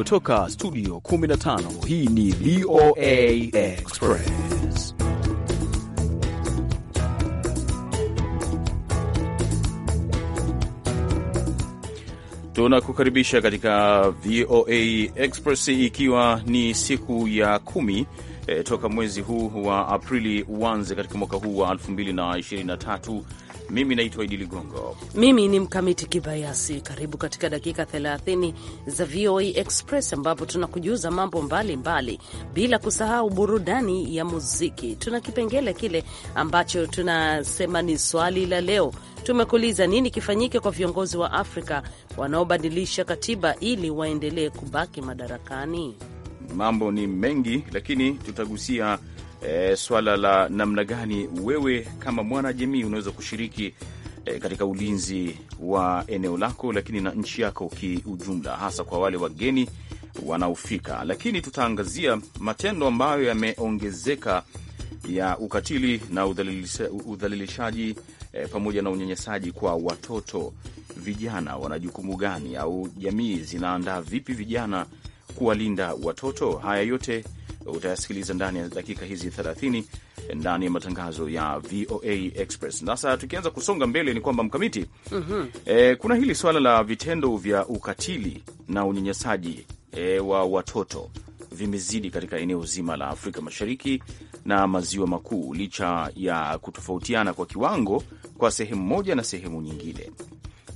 Kutoka studio 15 hii ni VOA Express. Tunakukaribisha katika VOA Express ikiwa ni siku ya kumi e, toka mwezi huu wa Aprili uanze katika mwaka huu wa 2023 mimi naitwa Idi Ligongo. Mimi ni Mkamiti Kibayasi. Karibu katika dakika 30 za VOA Express ambapo tunakujuza mambo mbalimbali mbali, bila kusahau burudani ya muziki. Tuna kipengele kile ambacho tunasema ni swali la leo. Tumekuuliza nini kifanyike kwa viongozi wa Afrika wanaobadilisha katiba ili waendelee kubaki madarakani. Mambo ni mengi, lakini tutagusia e, swala la namna gani wewe kama mwanajamii unaweza kushiriki e, katika ulinzi wa eneo lako, lakini na nchi yako kiujumla, hasa kwa wale wageni wanaofika. Lakini tutaangazia matendo ambayo yameongezeka ya ukatili na udhalilishaji e, pamoja na unyanyasaji kwa watoto. Vijana wana jukumu gani, au jamii zinaandaa vipi vijana kuwalinda watoto? Haya yote utayasikiliza ndani ya dakika hizi 30 ndani ya matangazo ya VOA Express. Sasa tukianza kusonga mbele, ni kwamba mkamiti, mm -hmm. e, kuna hili swala la vitendo vya ukatili na unyanyasaji e, wa watoto vimezidi katika eneo zima la Afrika Mashariki na Maziwa Makuu, licha ya kutofautiana kwa kiwango kwa sehemu moja na sehemu nyingine.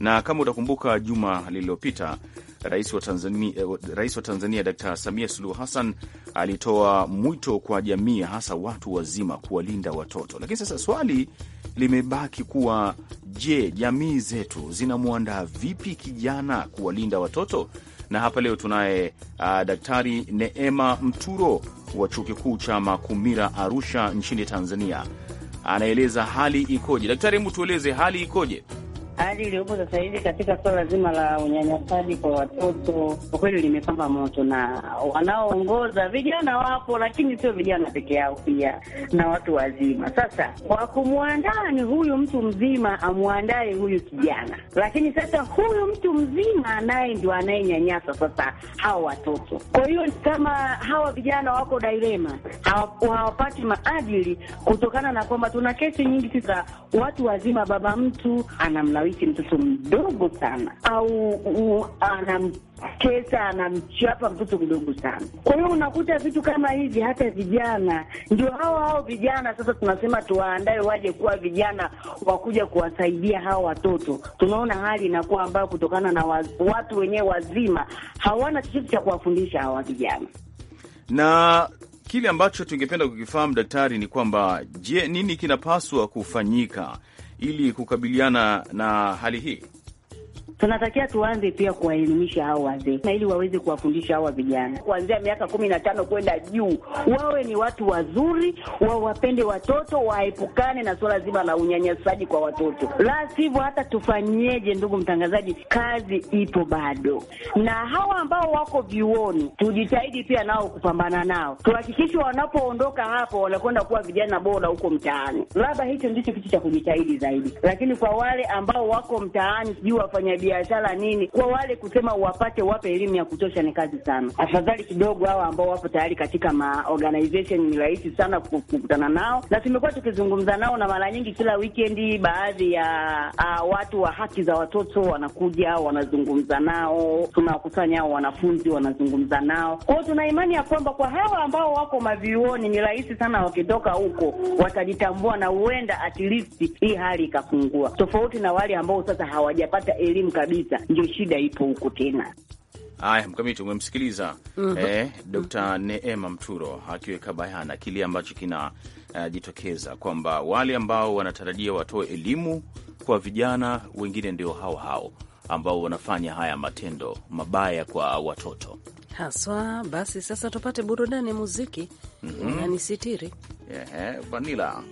Na kama utakumbuka, juma lililopita Eh, rais wa Tanzania, rais wa Tanzania Dkt. Samia Suluhu Hassan alitoa mwito kwa jamii, hasa watu wazima, kuwalinda watoto. Lakini sasa swali limebaki kuwa je, jamii zetu zinamwandaa vipi kijana kuwalinda watoto? Na hapa leo tunaye uh, Daktari Neema Mturo wa chuo kikuu cha Makumira Arusha nchini Tanzania, anaeleza hali ikoje. Daktari, hebu tueleze hali ikoje? hali iliyopo sasa hivi katika suala zima la unyanyasaji kwa watoto kwa kweli limepamba moto, na wanaoongoza vijana wapo, lakini sio vijana peke yao, pia na watu wazima. Sasa kwa kumwandaa ni huyu mtu mzima amwandae huyu kijana, lakini sasa huyu mtu mzima naye ndio anayenyanyasa sasa hawa watoto. Kwa hiyo kama hawa vijana wako dilema, hawapati maadili kutokana na kwamba tuna kesi nyingi za watu wazima, baba mtu anamla anamshawishi mtoto mdogo sana, au anamtesa anamchapa mtoto mdogo sana. Kwa hiyo unakuta vitu kama hivi, hata vijana ndio hao hao vijana. Sasa tunasema tuwaandae waje kuwa vijana wakuja kuwasaidia hawa watoto. Tunaona hali inakuwa ambayo kutokana na waz, watu wenyewe wazima hawana chochote cha kuwafundisha hawa vijana na kile ambacho tungependa kukifahamu daktari, ni kwamba je, nini kinapaswa kufanyika ili kukabiliana na hali hii? tunatakia tuanze pia kuwaelimisha hao wazee, na ili waweze kuwafundisha hawa vijana kuanzia miaka kumi na tano kwenda juu, wawe ni watu wazuri, wawapende watoto, waepukane na suala zima la unyanyasaji kwa watoto. La sivyo, hata tufanyeje, ndugu mtangazaji, kazi ipo bado, na hawa ambao wako vyuoni tujitahidi pia nao kupambana nao, tuhakikishe wanapoondoka hapo wanakwenda kuwa vijana bora huko mtaani. Labda hicho ndicho kitu cha kujitahidi zaidi, lakini kwa wale ambao wako mtaani, sijui wafanya biashara nini, kwa wale kusema wapate wape elimu ya kutosha ni kazi sana. Afadhali kidogo hawa ambao wapo tayari katika ma organization ni rahisi sana kukutana nao, na tumekuwa tukizungumza nao, na mara nyingi kila wikendi baadhi ya uh, watu wa haki za watoto wanakuja wanazungumza nao, tunawakusanya hao wanafunzi wanazungumza nao kwao. Tuna imani ya kwamba kwa hawa ambao wako mavioni ni rahisi sana, wakitoka huko watajitambua na huenda at least hii hali ikapungua, tofauti na wale ambao sasa hawajapata elimu kabisa, ndio shida ipo huko tena. Haya, Mkamiti, umemsikiliza mm -hmm. eh, Dkt Neema Mturo akiweka bayana kile ambacho kinajitokeza eh, uh, kwamba wale ambao wanatarajia watoe elimu kwa vijana wengine ndio hao hao ambao wanafanya haya matendo mabaya kwa watoto haswa. Basi sasa tupate burudani muziki mm -hmm. unanisitiri yeah, vanila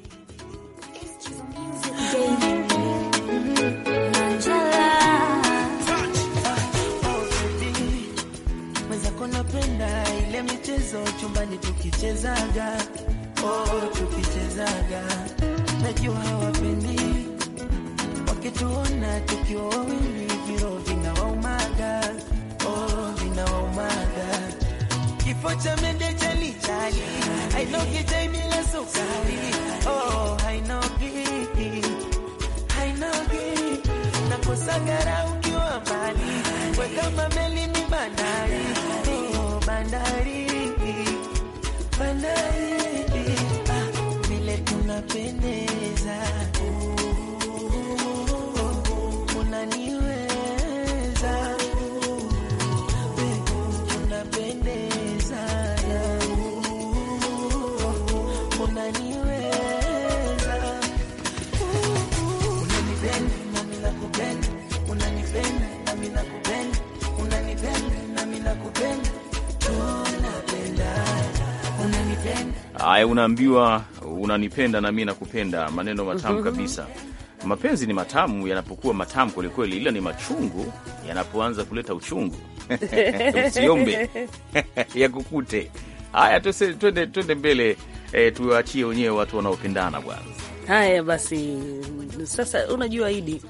Haya, unaambiwa unanipenda na mi nakupenda, maneno matamu mhm. kabisa. Mapenzi ni matamu yanapokuwa matamu kwelikweli, ila ni machungu yanapoanza kuleta uchungu usiombe yakukute. Haya, twende twende mbele e, eh, tuwaachie wenyewe watu wanaopendana bwana. Haya basi, sasa unajua Idi,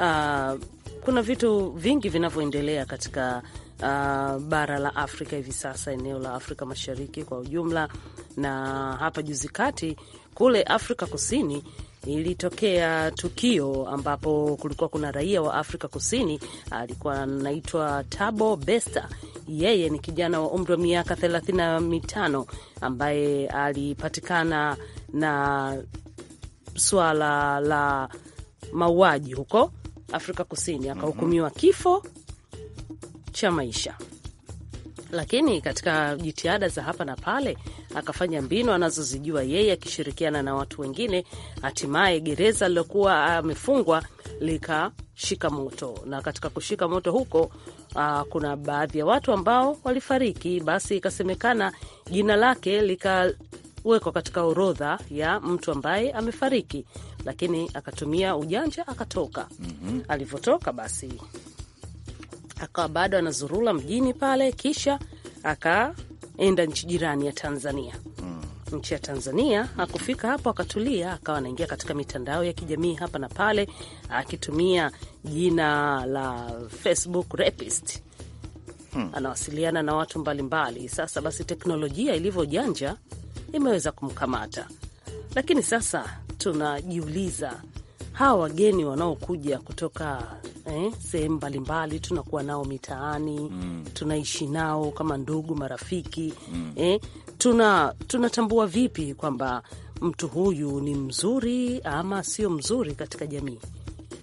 uh, kuna vitu vingi vinavyoendelea katika uh, bara la Afrika hivi sasa, eneo la Afrika Mashariki kwa ujumla, na hapa juzi kati kule Afrika Kusini ilitokea tukio ambapo kulikuwa kuna raia wa Afrika Kusini alikuwa anaitwa tabo besta Yeye ni kijana wa umri wa miaka thelathini na mitano ambaye alipatikana na suala la mauaji huko Afrika Kusini, akahukumiwa kifo cha maisha. Lakini katika jitihada za hapa na pale, akafanya mbinu anazozijua yeye akishirikiana na watu wengine. Hatimaye gereza lilokuwa ah, amefungwa likashika moto, na katika kushika moto huko Uh, kuna baadhi ya watu ambao walifariki, basi ikasemekana jina lake likawekwa katika orodha ya mtu ambaye amefariki, lakini akatumia ujanja akatoka. mm -hmm. Alivyotoka basi akawa bado anazurula mjini pale, kisha akaenda nchi jirani ya Tanzania mm. Nchi ya Tanzania akufika hapo akatulia, akawa anaingia katika mitandao ya kijamii hapa na pale, akitumia jina la Facebook rapist hmm. Anawasiliana na watu mbalimbali mbali. Sasa basi teknolojia ilivyojanja imeweza kumkamata, lakini sasa tunajiuliza hawa wageni wanaokuja kutoka eh, sehemu mbalimbali, tunakuwa nao mitaani mm. tunaishi nao kama ndugu marafiki mm. eh, tuna tunatambua vipi kwamba mtu huyu ni mzuri ama sio mzuri katika jamii?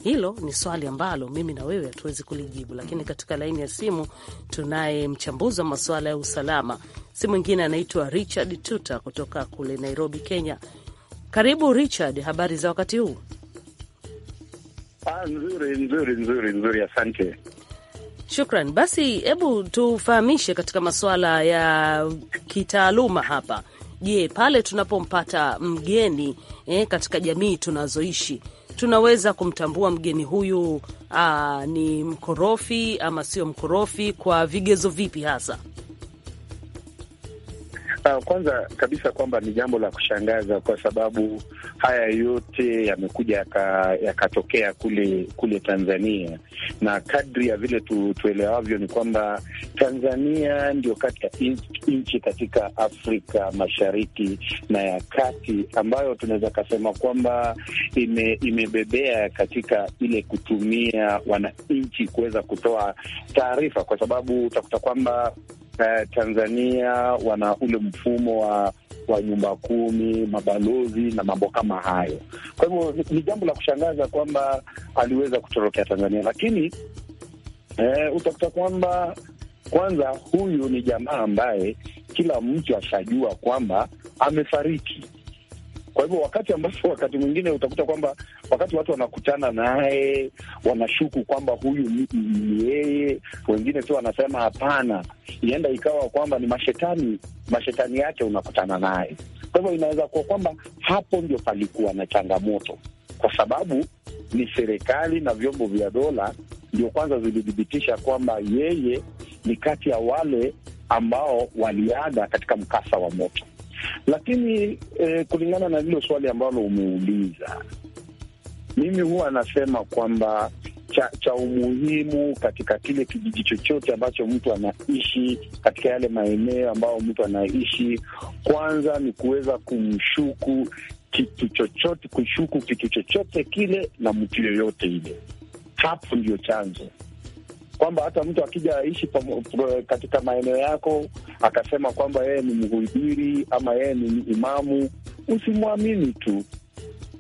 Hilo ni swali ambalo mimi na wewe hatuwezi kulijibu, lakini katika laini ya simu tunaye mchambuzi wa masuala ya usalama, si mwingine anaitwa Richard Tuta kutoka kule Nairobi, Kenya. Karibu Richard, habari za wakati huu? Ah, nzuri nzuri nzuri nzuri, asante. Shukran. Basi hebu tufahamishe katika masuala ya kitaaluma hapa. Je, pale tunapompata mgeni eh, katika jamii tunazoishi tunaweza kumtambua mgeni huyu aa, ah, ni mkorofi ama sio mkorofi, kwa vigezo vipi hasa? Ah, kwanza kabisa kwamba ni jambo la kushangaza kwa sababu haya yote yamekuja yakatokea yaka kule kule Tanzania, na kadri ya vile tu, tuelewavyo ni kwamba Tanzania ndio kati ya nchi katika Afrika Mashariki na ya Kati ambayo tunaweza kasema kwamba ime, imebebea katika ile kutumia wananchi kuweza kutoa taarifa, kwa sababu utakuta kwamba eh, Tanzania wana ule mfumo wa wa nyumba kumi, mabalozi na mambo kama hayo. Kwa hivyo ni jambo la kushangaza kwamba aliweza kutorokea Tanzania, lakini eh, utakuta kwamba kwanza, huyu ni jamaa ambaye kila mtu ashajua kwamba amefariki kwa hivyo wakati ambapo wakati mwingine utakuta kwamba wakati watu wanakutana naye wanashuku kwamba huyu ni yeye, wengine tu wanasema hapana, ienda ikawa kwamba ni mashetani, mashetani yake unakutana naye. Kwa hivyo inaweza kuwa kwamba hapo ndio palikuwa na changamoto, kwa sababu ni serikali na vyombo vya dola ndio kwanza zilithibitisha kwamba yeye ni kati ya wale ambao waliaga katika mkasa wa moto. Lakini eh, kulingana na lilo swali ambalo umeuliza, mimi huwa anasema kwamba cha, cha umuhimu katika kile kijiji chochote ambacho mtu anaishi katika yale maeneo ambayo mtu anaishi, kwanza ni kuweza kumshuku kitu chochote, kushuku kitu chochote kile na mtu yoyote ile. Hapo ndio chanzo kwamba hata mtu akija aishi katika maeneo yako akasema kwamba yeye ni mhubiri ama yeye ni imamu, usimwamini tu,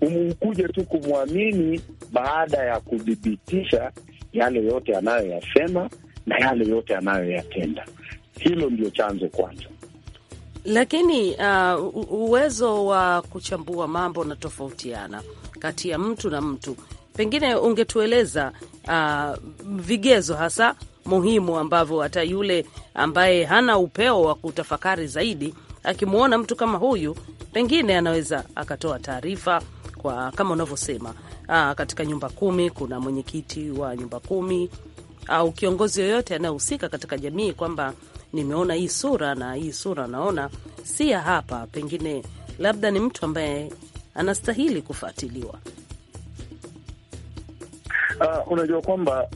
umkuje tu kumwamini baada ya kuthibitisha yale yote anayoyasema na yale yote anayoyatenda. Hilo ndio chanzo kwanza. Lakini uh, uwezo wa kuchambua mambo na tofautiana kati ya mtu na mtu, pengine ungetueleza uh, vigezo hasa muhimu ambavyo hata yule ambaye hana upeo wa kutafakari zaidi akimwona mtu kama huyu, pengine anaweza akatoa taarifa kwa kama unavyosema, uh, katika nyumba kumi kuna mwenyekiti wa nyumba kumi au kiongozi yoyote anayehusika katika jamii kwamba nimeona hii sura na hii sura naona si ya hapa, pengine labda ni mtu ambaye anastahili kufuatiliwa. Uh, unajua kwamba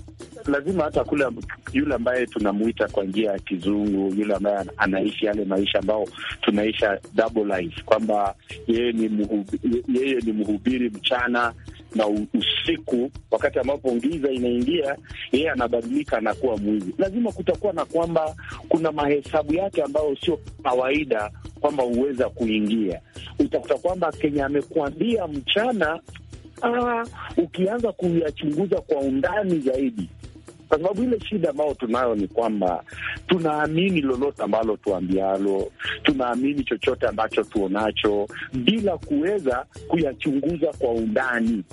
lazima hata kule yule ambaye tunamuita kwa njia ya kizungu, yule ambaye anaishi yale maisha ambayo tunaisha double life, kwamba yeye ni mhubiri, yeye ni mhubiri mchana na usiku, wakati ambapo giza inaingia, yeye anabadilika, anakuwa mwizi. Lazima kutakuwa na kwamba kuna mahesabu yake ambayo sio kawaida kwamba huweza kuingia. Utakuta kwamba Kenya amekuambia mchana Ah. ukianza kuyachunguza kwa undani zaidi, kwa sababu ile shida ambayo tunayo ni kwamba tunaamini lolote ambalo tuambialo, tunaamini chochote ambacho tuonacho bila kuweza kuyachunguza kwa undani,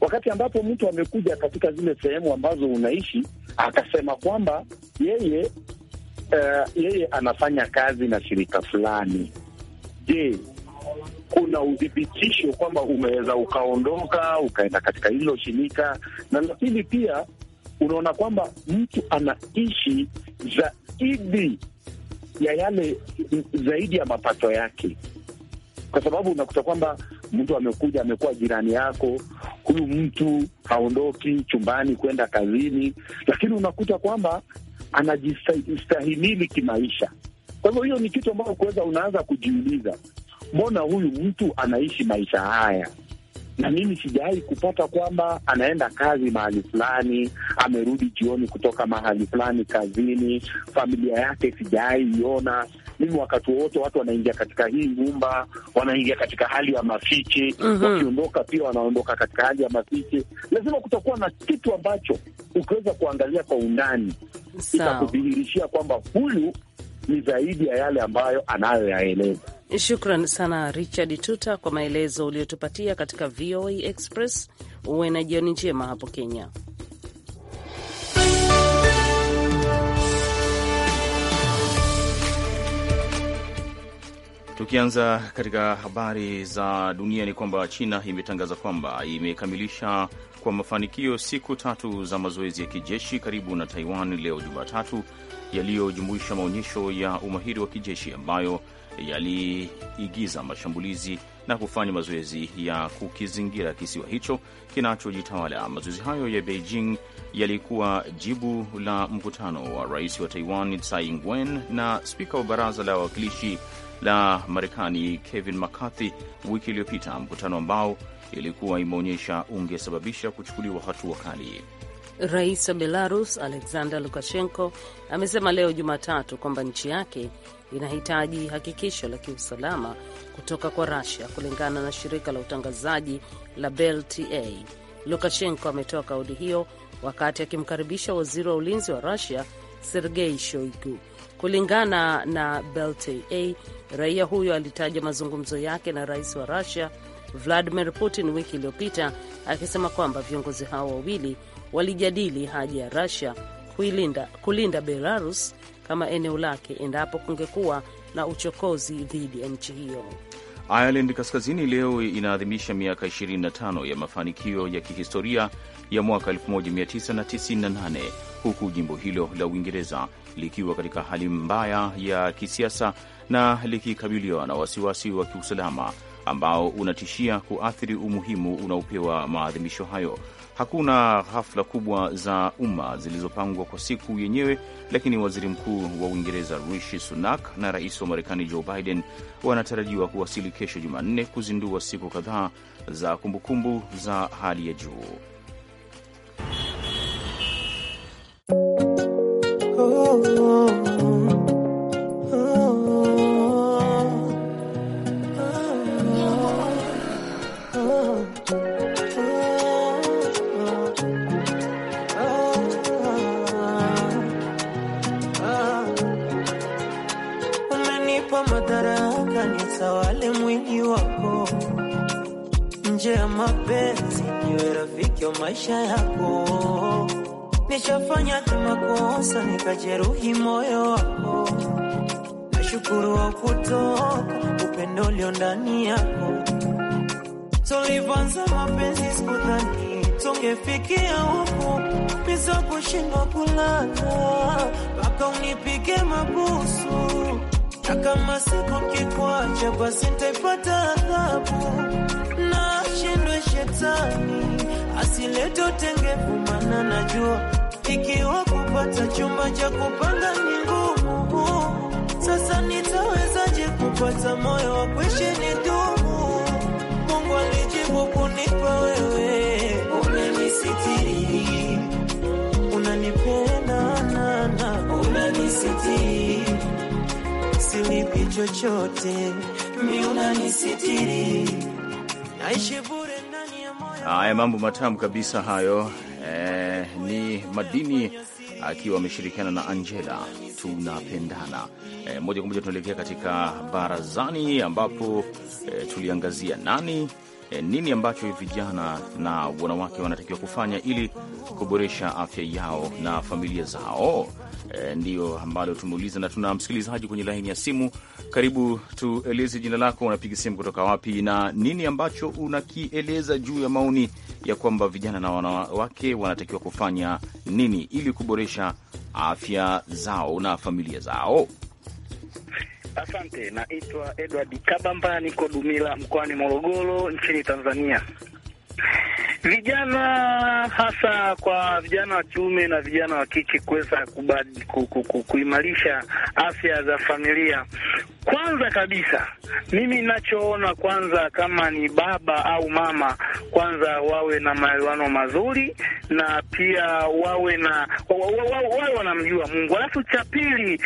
wakati ambapo mtu amekuja katika zile sehemu ambazo unaishi akasema kwamba yeye Uh, yeye anafanya kazi na shirika fulani. Je, kuna udhibitisho kwamba umeweza ukaondoka ukaenda katika hilo shirika, na lakini pia unaona kwamba mtu anaishi zaidi ya yale zaidi ya mapato yake, kwa sababu unakuta kwamba mtu amekuja amekuwa jirani yako, huyu mtu haondoki chumbani kwenda kazini, lakini unakuta kwamba anajistahimili kimaisha. Kwa hivyo hiyo ni kitu ambayo kuweza unaanza kujiuliza mbona huyu mtu anaishi maisha haya na mimi sijawahi kupata kwamba anaenda kazi mahali fulani, amerudi jioni kutoka mahali fulani kazini, familia yake sijawahi iona mimi. Wakati wowote watu wanaingia katika hii nyumba, wanaingia katika hali ya mafiche mm -hmm. Wakiondoka pia wanaondoka katika hali ya mafiche. Lazima kutakuwa na kitu ambacho ukiweza kuangalia kwa undani itakudhihirishia kwamba huyu ni zaidi ya yale ambayo anayoyaeleza. Shukran sana Richard Tuta kwa maelezo uliotupatia katika VOA Express. Uwe na jioni njema hapo Kenya. Tukianza katika habari za dunia ni kwamba China imetangaza kwamba imekamilisha kwa mafanikio siku tatu za mazoezi ya kijeshi karibu na Taiwan leo Jumatatu, yaliyojumuisha maonyesho ya umahiri wa kijeshi ambayo yaliigiza mashambulizi na kufanya mazoezi ya kukizingira kisiwa hicho kinachojitawala. Mazoezi hayo ya Beijing yalikuwa jibu la mkutano wa rais wa Taiwan Tsai Ing-wen na spika wa baraza la wawakilishi la Marekani Kevin McCarthy wiki iliyopita, mkutano ambao ilikuwa imeonyesha ungesababisha kuchukuliwa hatua kali. Rais wa Belarus Alexander Lukashenko amesema leo Jumatatu kwamba nchi yake inahitaji hakikisho la kiusalama kutoka kwa Russia, kulingana na shirika la utangazaji la BLTA. Lukashenko ametoa kauli hiyo wakati akimkaribisha waziri wa ulinzi wa Russia Sergei Shoigu. Kulingana na BLTA, raia huyo alitaja mazungumzo yake na rais wa Russia Vladimir Putin wiki iliyopita, akisema kwamba viongozi hao wawili walijadili haja ya Russia kuilinda, kulinda Belarus kama eneo lake endapo kungekuwa na uchokozi dhidi ya nchi hiyo. Ireland Kaskazini leo inaadhimisha miaka 25 ya mafanikio ya kihistoria ya mwaka 1998 huku jimbo hilo la Uingereza likiwa katika hali mbaya ya kisiasa na likikabiliwa na wasiwasi wa kiusalama ambao unatishia kuathiri umuhimu unaopewa maadhimisho hayo. Hakuna hafla kubwa za umma zilizopangwa kwa siku yenyewe, lakini waziri mkuu wa Uingereza Rishi Sunak na rais wa Marekani Joe Biden wanatarajiwa kuwasili kesho Jumanne kuzindua siku kadhaa za kumbukumbu za hali ya juu. maisha yako. Nishafanya tu nikajeruhi moyo wako. Nashukuru wa kutoka upendo ulio ndani yako. Tulivanza mapenzi, sikudhani tungefikia huku. Miza kushindwa kulala mpaka unipige mabusu, na kama siku kikwacha, basi ntaipata adhabu utani, asilete utengevu, maana najua ikiwa kupata chumba cha kupanga ni ngumu. Sasa nitawezaje kupata moyo wa kuishi ni dumu? Mungu alijibu kunipa wewe, umenisitiri, unanipenda na na unanisitiri, silipi chochote, mi unanisitiri, naishi Haya, mambo matamu kabisa hayo. E, ni Madini ah, akiwa ameshirikiana na Angela tunapendana. E, moja kwa moja tunaelekea katika barazani ambapo e, tuliangazia nani e, nini ambacho vijana na wanawake wanatakiwa kufanya ili kuboresha afya yao na familia zao? E, ndiyo ambalo tumeuliza, na tuna msikilizaji kwenye laini ya simu. Karibu, tueleze jina lako, unapiga simu kutoka wapi, na nini ambacho unakieleza juu ya maoni ya kwamba vijana na wanawake wanatakiwa kufanya nini ili kuboresha afya zao na familia zao? Asante, naitwa Edward Kabamba, niko Dumila mkoani Morogoro nchini Tanzania. Vijana hasa kwa vijana wa kiume na vijana wa kike kuweza kuimarisha afya za familia. Kwanza kabisa mimi ninachoona kwanza, kama ni baba au mama, kwanza wawe na maelewano mazuri, na pia wawe na wawe wanamjua Mungu. Alafu cha pili,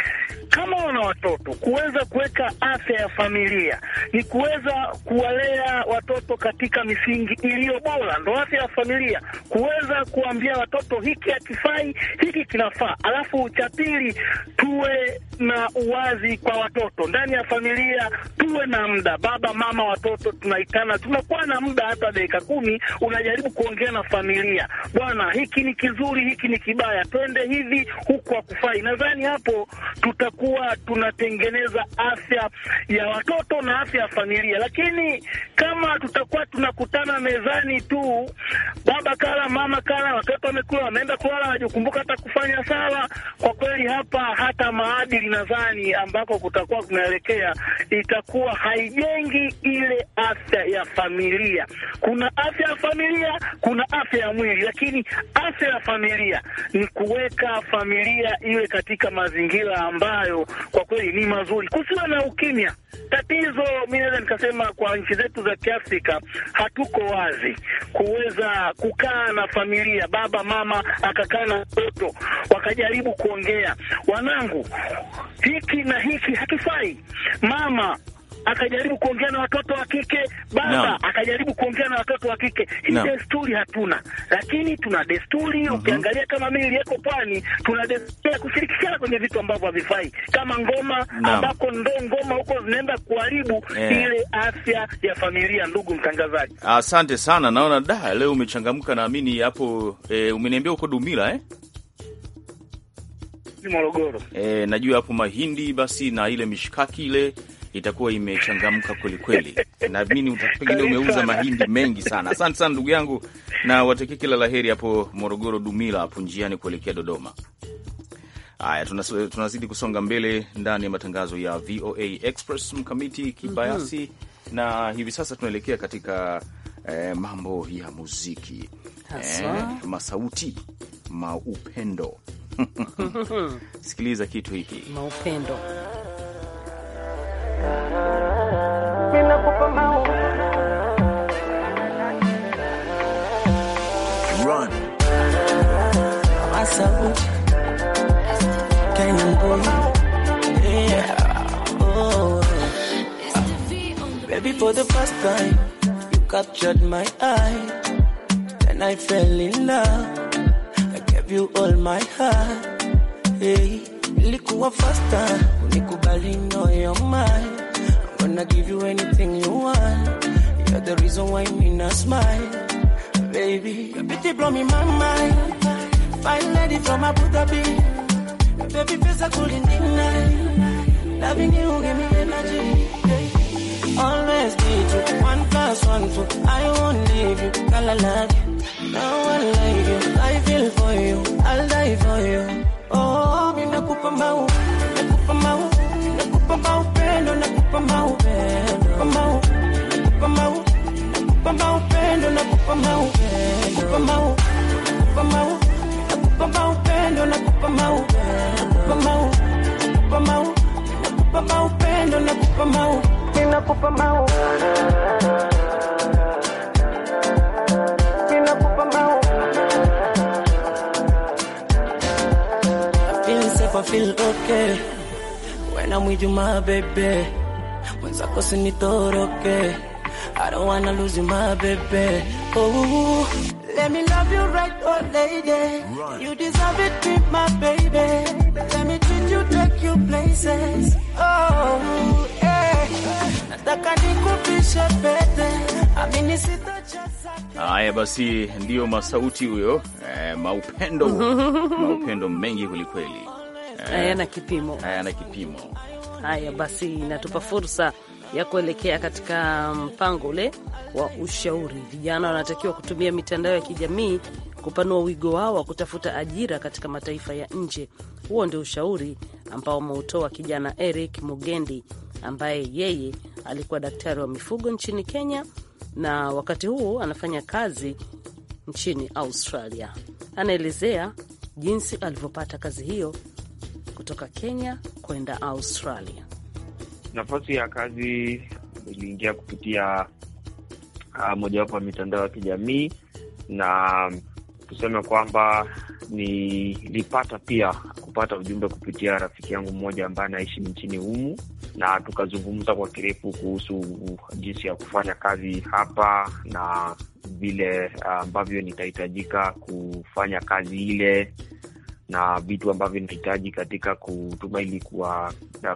kama wana watoto, kuweza kuweka afya ya familia ni kuweza kuwalea watoto katika misingi iliyo bora, ndo afya ya familia kuweza kuambia watoto hiki hakifai, hiki kinafaa. Alafu cha pili tuwe na uwazi kwa watoto ndani ya familia, tuwe na muda, baba mama, watoto tunaikana, tunakuwa na muda hata dakika kumi, unajaribu kuongea na familia, bwana, hiki ni kizuri, hiki ni kibaya, twende hivi, huku hakufai. Nadhani hapo tutakuwa tunatengeneza afya ya watoto na afya ya familia, lakini kama tutakuwa tunakutana mezani tu, baba kala, mama kala, watoto wamekula, wameenda kulala, wajukumbuka hata kufanya sala, kwa kweli hapa hata maadili nadhani ambako kutakuwa kunaelekea itakuwa haijengi ile afya ya familia. Kuna afya ya familia, kuna afya ya mwili, lakini afya ya familia ni kuweka familia iwe katika mazingira ambayo kwa kweli ni mazuri, kusiwe na ukimya. Tatizo mi naweza nikasema kwa nchi zetu za Kiafrika, hatuko wazi kuweza kukaa na familia, baba mama akakaa na mtoto wakajaribu kuongea, wanangu, hiki na hiki hakifai, mama akajaribu kuongea na watoto wa kike, baba no. akajaribu kuongea na watoto wa kike. Hii no. desturi hatuna, lakini tuna desturi mm -hmm. Ukiangalia kama mimi niliyeko pwani, tuna desturi ya kushirikishana kwenye vitu ambavyo havifai kama ngoma no. ambako ndo ngoma huko zinaenda kuharibu yeah. ile afya ya familia. Ndugu mtangazaji, asante sana. Naona da leo umechangamka, naamini hapo eh, umeniambia uko Dumila eh? Morogoro. Eh, najua hapo mahindi basi na ile mishikaki ile itakuwa imechangamka kwelikweli. Naamini pengine umeuza mahindi mengi sana. Asante sana ndugu yangu, na watakie kila la heri hapo Morogoro Dumila, hapo njiani kuelekea Dodoma. Haya, tunazidi kusonga mbele ndani ya matangazo ya VOA Express. Mkamiti Kibayasi, mm -hmm. na hivi sasa tunaelekea katika eh, mambo ya muziki eh, masauti maupendo. Sikiliza kitu hiki maupendo Baby for the first time You captured my eye Then I fell in love I gave you all my heart Hey nilikuwa fasta unikubali no you're mine. I'm gonna give you anything you want. You're the reason why me not smile. Baby, your beauty blow me my mind. Fine lady from Abu Dhabi. Baby, face I couldn't deny. Loving you give me energy. Always be true. One plus one, two. I won't leave you. Girl, I love you. No one like you. I feel for you. I'll die for you. Oh nakupa mau, nakupa mau, nakupa mau upendo, nakupa mau upendo, mau, nakupa mau, nakupa mau upendo, nakupa mau, nakupa mau, nakupa mau, nakupa mau upendo, nakupa mau, nakupa mau, nakupa mau, nakupa mau upendo, nakupa mau, nakupa mau feel okay when I'm with you my baby, When mwenzako sinitoroke. I don't wanna lose you my baby. Oh, let me love you right, old oh, lady. Right. You deserve it, be my baby. Let me treat you, take you places. Oh, eh. Haya basi, ndiyo masauti huyo eh, maupendo maupendo mengi kwelikweli. Eh, eh, hayana kipimo, hayana kipimo. Haya basi, inatupa fursa ya kuelekea katika mpango ule wa ushauri. Vijana wanatakiwa kutumia mitandao ya kijamii kupanua wigo wao wa kutafuta ajira katika mataifa ya nje. Huo ndio ushauri ambao ameutoa kijana Eric Mugendi ambaye yeye alikuwa daktari wa mifugo nchini Kenya na wakati huu anafanya kazi nchini Australia. Anaelezea jinsi alivyopata kazi hiyo kutoka Kenya kwenda Australia? Nafasi ya kazi iliingia kupitia uh, mojawapo ya mitandao ya kijamii na tuseme kwamba nilipata pia kupata ujumbe kupitia rafiki yangu mmoja ambaye anaishi nchini humu, na tukazungumza kwa kirefu kuhusu jinsi ya kufanya kazi hapa na vile ah, ambavyo nitahitajika kufanya kazi ile na vitu ambavyo inahitaji katika kutuma ili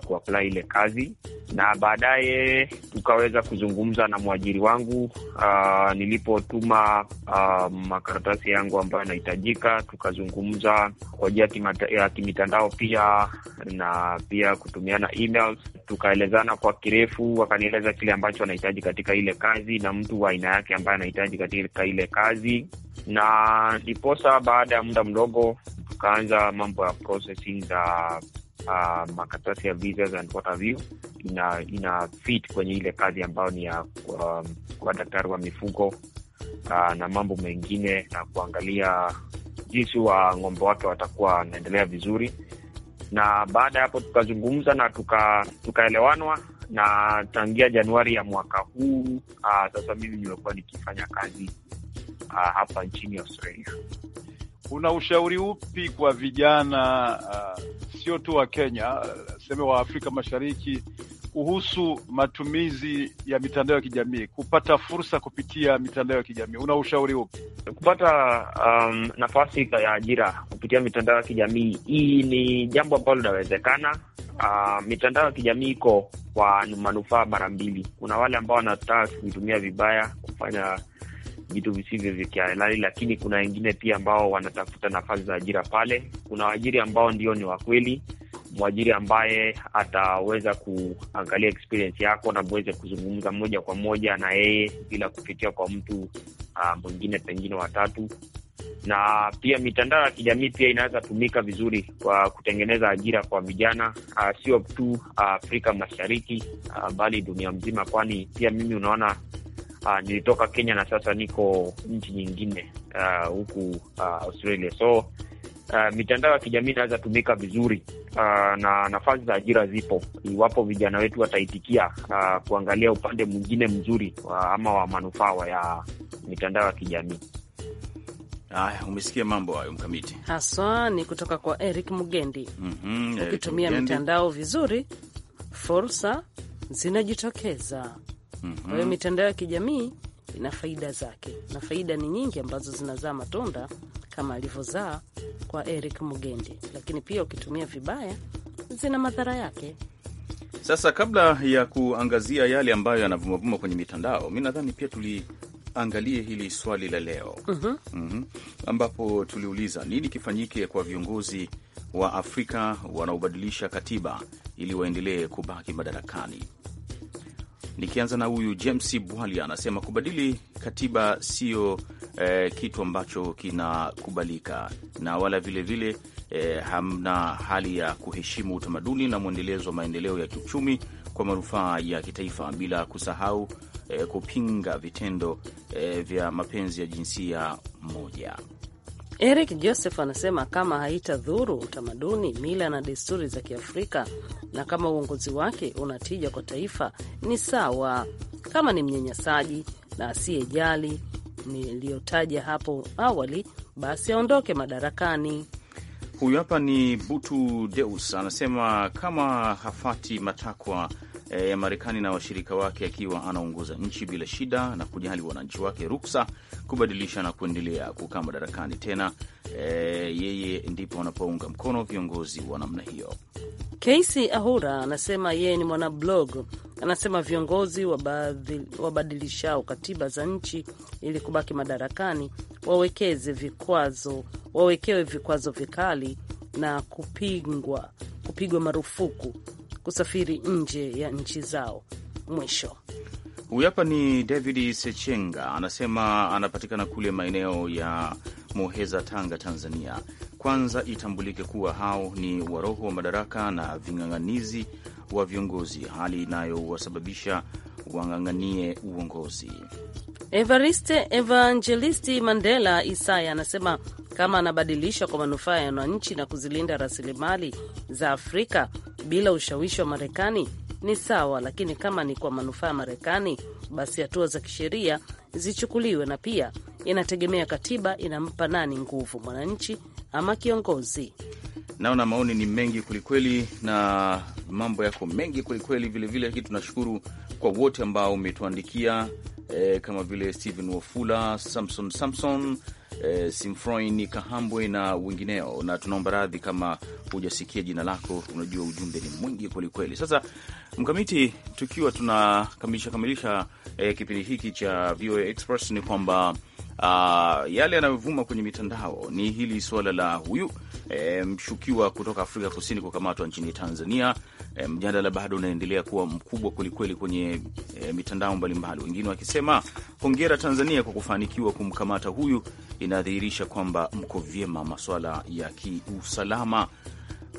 kuapply ile kazi, na baadaye tukaweza kuzungumza na mwajiri wangu. Uh, nilipotuma uh, makaratasi yangu ambayo yanahitajika, tukazungumza kwa njia ya kimitandao pia na pia kutumiana emails, tukaelezana kwa kirefu. Wakanieleza kile ambacho anahitaji katika ile kazi na mtu wa aina yake ambaye anahitaji katika ile kazi, na ndiposa baada ya muda mdogo tukaanza mambo ya processing za uh, uh, makaratasi ya visas and what have you, ina, ina fit kwenye ile kazi ambayo ni ya um, kwa daktari wa mifugo uh, na mambo mengine na kuangalia jinsi wa ng'ombe wake watakuwa wanaendelea vizuri. Na baada ya hapo tukazungumza na tukaelewanwa tuka na tangia Januari ya mwaka huu uh, sasa mimi nimekuwa nikifanya kazi uh, hapa nchini Australia una ushauri upi kwa vijana uh, sio tu wa Kenya, seme wa Afrika Mashariki kuhusu matumizi ya mitandao ya kijamii, kupata fursa kupitia mitandao ya kijamii, una ushauri upi? Kupata um, nafasi ya ajira kupitia mitandao ya kijamii, hii ni jambo ambalo linawezekana. Uh, mitandao ya kijamii iko kwa manufaa mara mbili. Kuna wale ambao wanataka kuitumia vibaya kufanya vitu visivyo vya kihalali, lakini kuna wengine pia ambao wanatafuta nafasi za ajira pale. Kuna waajiri ambao ndio ni wakweli, mwajiri ambaye ataweza kuangalia experience yako na muweze kuzungumza moja kwa moja na yeye bila kupitia kwa mtu uh, mwingine pengine watatu na pia mitandao ya kijamii pia inaweza tumika vizuri kwa kutengeneza ajira kwa vijana ah, sio tu ah, Afrika Mashariki, bali dunia mzima, kwani pia mimi unaona Uh, nilitoka Kenya na sasa niko nchi nyingine ah, huku uh, uh, Australia. So uh, mitandao ya kijamii inaweza tumika vizuri uh, na nafasi za ajira zipo, iwapo vijana wetu wataitikia uh, kuangalia upande mwingine mzuri uh, ama wa manufaa ya mitandao ya kijamii. Aya, umesikia mambo hayo mkamiti, haswa ni kutoka kwa Eric Mugendi. mm -hmm, ukitumia mitandao vizuri, fursa zinajitokeza. Mm -hmm. Kwa hiyo mitandao ya kijamii ina faida zake, na faida ni nyingi ambazo zinazaa matunda kama alivyozaa kwa Eric Mugendi, lakini pia ukitumia vibaya zina madhara yake. Sasa, kabla ya kuangazia yale ambayo yanavumavuma kwenye mitandao, mi nadhani pia tuliangalie hili swali la leo mm -hmm. Mm -hmm. ambapo tuliuliza nini kifanyike kwa viongozi wa Afrika wanaobadilisha katiba ili waendelee kubaki madarakani. Nikianza na huyu James Bwali anasema kubadili katiba sio eh, kitu ambacho kinakubalika na wala vilevile vile, eh, hamna hali ya kuheshimu utamaduni na mwendelezo wa maendeleo ya kiuchumi kwa manufaa ya kitaifa, bila kusahau eh, kupinga vitendo eh, vya mapenzi ya jinsia moja. Eric Joseph anasema kama haitadhuru utamaduni, mila na desturi za Kiafrika na kama uongozi wake unatija kwa taifa ni sawa. Kama ni mnyanyasaji na asiyejali niliyotaja hapo awali, basi aondoke madarakani. Huyu hapa ni Butu Deus anasema kama hafati matakwa e, ya Marekani na washirika wake, akiwa anaongoza nchi bila shida na kujali wananchi wake ruksa kubadilisha na kuendelea kukaa madarakani tena. E, yeye ndipo anapounga mkono viongozi wa namna hiyo. Casey Ahura anasema yeye ni mwanablog. Anasema viongozi wabadilishao katiba za nchi ili kubaki madarakani wawekeze vikwazo, wawekewe vikwazo vikali na kupingwa, kupigwa marufuku kusafiri nje ya nchi zao. Mwisho. Huyu hapa ni David Sechenga, anasema anapatikana kule maeneo ya Muheza, Tanga, Tanzania. Kwanza itambulike kuwa hao ni waroho wa madaraka na ving'ang'anizi wa viongozi, hali inayowasababisha wang'ang'anie uongozi. Evariste Evangelisti Mandela Isaya anasema kama anabadilisha kwa manufaa ya wananchi na kuzilinda rasilimali za Afrika, bila ushawishi wa Marekani ni sawa, lakini kama ni kwa manufaa ya Marekani basi hatua za kisheria zichukuliwe, na pia inategemea katiba inampa nani nguvu, mwananchi ama kiongozi. Naona maoni ni mengi kwelikweli, na mambo yako mengi kwelikweli. Vilevile, lakini tunashukuru kwa wote ambao umetuandikia e, kama vile Stephen Wafula, Samson Samson, e, eh, Simfroin Kahambwe na wengineo, na tunaomba radhi kama hujasikia jina lako. Unajua ujumbe ni mwingi kwelikweli. Sasa Mkamiti, tukiwa tunakamilisha kamilisha e, kipindi hiki cha VOA Express ni kwamba Uh, yale yanayovuma kwenye mitandao ni hili suala la huyu e, mshukiwa kutoka Afrika Kusini kukamatwa nchini Tanzania. E, mjadala bado unaendelea kuwa mkubwa kwelikweli kwenye e, mitandao mbalimbali, wengine wakisema hongera Tanzania kwa kufanikiwa kumkamata huyu, inadhihirisha kwamba mko vyema masuala ya kiusalama.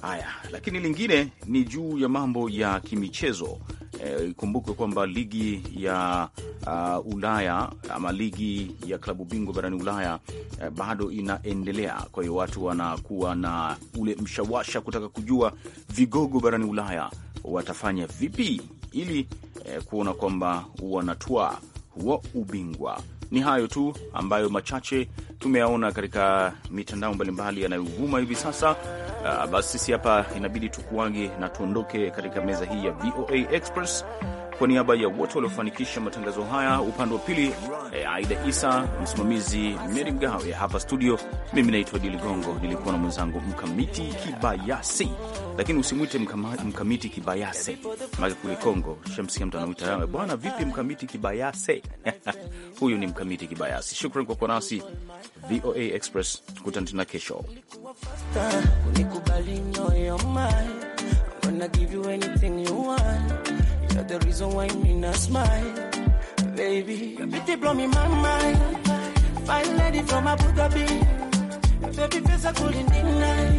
Haya, lakini lingine ni juu ya mambo ya kimichezo. E, ikumbukwe e, kwamba ligi ya uh, Ulaya ama ligi ya klabu bingwa barani Ulaya e, bado inaendelea. Kwa hiyo watu wanakuwa na ule mshawasha kutaka kujua vigogo barani Ulaya watafanya vipi ili e, kuona kwamba wanatwaa huo ubingwa ni hayo tu ambayo machache tumeyaona katika mitandao mbalimbali yanayovuma hivi sasa. Ah, basi sisi hapa inabidi tukuage na tuondoke katika meza hii ya VOA Express. Kwa niaba ya wote waliofanikisha matangazo haya, upande wa pili eh, Aida Isa, msimamizi Meri Mgawe, hapa studio mimi naitwa Idi Ligongo, nilikuwa na mwenzangu Mkamiti Kibayasi, lakini usimwite Mkamiti Kibayase maake kule Kongo Shamsia mtu anamwita yawe bwana, vipi Mkamiti Kibayase? huyu ni Mkamiti Kibayasi. Shukran kwa kuwa nasi VOA Express, tukutane tena kesho. You're the reason why me not smile, baby. Your beauty blow me my mind. Fine lady from Abu Dhabi, baby face I couldn't deny.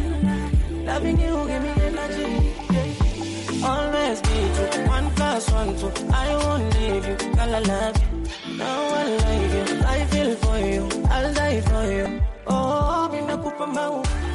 Loving you give me energy. Yeah. Always be true, one plus one two. I won't leave you, girl I love you. Now I like you, I feel for you, I'll die for you. Oh, me nakupa mau